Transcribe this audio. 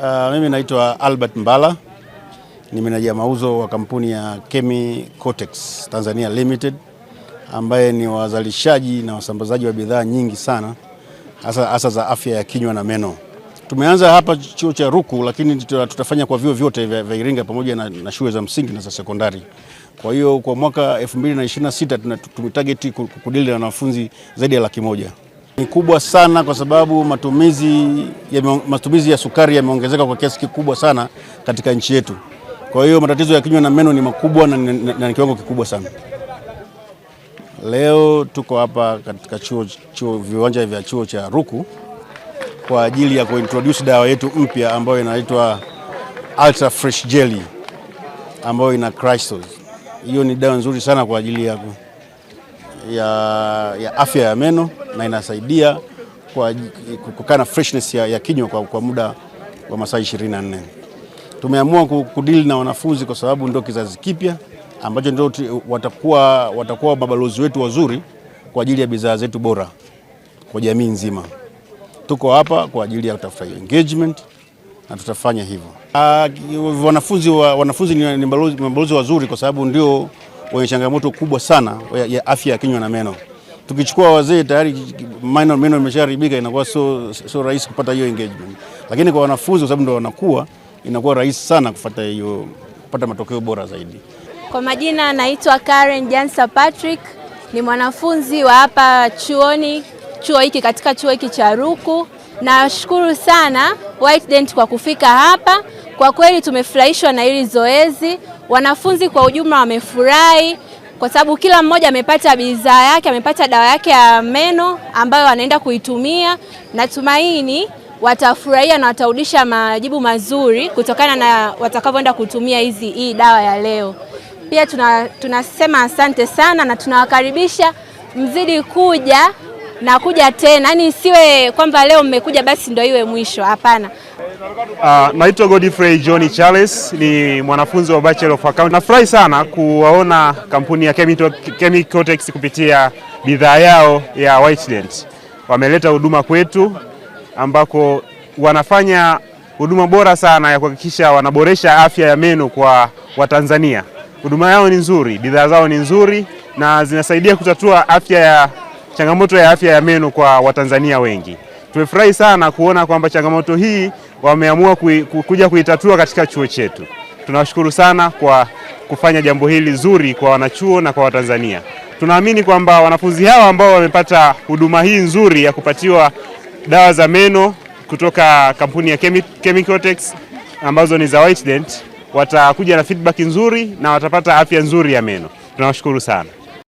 Uh, mimi naitwa Albert Mbala ni meneja mauzo wa kampuni ya Kemi Cotex Tanzania Limited ambaye ni wazalishaji na wasambazaji wa bidhaa nyingi sana hasa hasa za afya ya kinywa na meno. Tumeanza hapa chuo cha Ruku, lakini tutafanya kwa vyuo vyote vya Iringa pamoja na, na shule za msingi na za sekondari. Kwa hiyo kwa mwaka 2026 tumetarget kudili na wanafunzi zaidi ya laki moja ni kubwa sana, kwa sababu matumizi ya, matumizi ya sukari yameongezeka kwa kiasi kikubwa sana katika nchi yetu. Kwa hiyo matatizo ya kinywa na meno ni makubwa na na kiwango kikubwa sana. Leo tuko hapa katika chuo, chuo, viwanja vya chuo cha Ruku kwa ajili ya kuintroduce dawa yetu mpya ambayo inaitwa Ultra Fresh Jelly ambayo ina crystals. Hiyo ni dawa nzuri sana kwa ajili ya ya, ya afya ya meno na inasaidia kwa kukaa na freshness ya, ya kinywa kwa, kwa muda wa masaa 24. Tumeamua kudili na wanafunzi kwa sababu ndio kizazi kipya ambacho ndio watakuwa, watakuwa mabalozi wetu wazuri kwa ajili ya bidhaa zetu bora kwa jamii nzima. Tuko hapa kwa ajili ya kutafuta engagement na tutafanya hivyo. Ah, wanafunzi, wanafunzi ni mabalozi wazuri kwa sababu ndio wenye changamoto kubwa sana ya afya ya kinywa na meno. Tukichukua wazee tayari meno meno imeshaharibika, inakuwa sio so rahisi kupata hiyo engagement, lakini kwa wanafunzi, kwa sababu ndio wanakuwa, inakuwa rahisi sana kupata hiyo kupata matokeo bora zaidi. Kwa majina naitwa Karen Jansa Patrick, ni mwanafunzi wa hapa chuoni chuo hiki katika chuo hiki cha Ruku. Nashukuru sana White Dent kwa kufika hapa, kwa kweli tumefurahishwa na hili zoezi. Wanafunzi kwa ujumla wamefurahi kwa sababu kila mmoja amepata bidhaa yake, amepata dawa yake ya meno ambayo anaenda kuitumia. Natumaini watafurahia na watarudisha majibu mazuri kutokana na watakavyoenda kutumia hizi hii dawa ya leo. Pia tuna, tunasema asante sana na tunawakaribisha mzidi kuja na kuja tena, yaani isiwe kwamba leo mmekuja basi ndio iwe mwisho. Hapana. Uh, naitwa Godfrey Johnny Charles ni mwanafunzi wa Bachelor of Accounting. Nafurahi sana kuwaona kampuni ya Chemicotex kupitia bidhaa yao ya Whitelands. wameleta huduma kwetu ambako wanafanya huduma bora sana ya kuhakikisha wanaboresha afya ya meno kwa Watanzania. Huduma yao ni nzuri, bidhaa zao ni nzuri na zinasaidia kutatua afya ya changamoto ya afya ya meno kwa Watanzania wengi. Tumefurahi sana kuona kwamba changamoto hii wameamua kui, kuja kuitatua katika chuo chetu. Tunawashukuru sana kwa kufanya jambo hili zuri kwa wanachuo na kwa Watanzania. Tunaamini kwamba wanafunzi hawa ambao wamepata huduma hii nzuri ya kupatiwa dawa za meno kutoka kampuni ya Chemicotex ambazo ni za Whitedent watakuja na feedback nzuri na watapata afya nzuri ya meno. Tunawashukuru sana.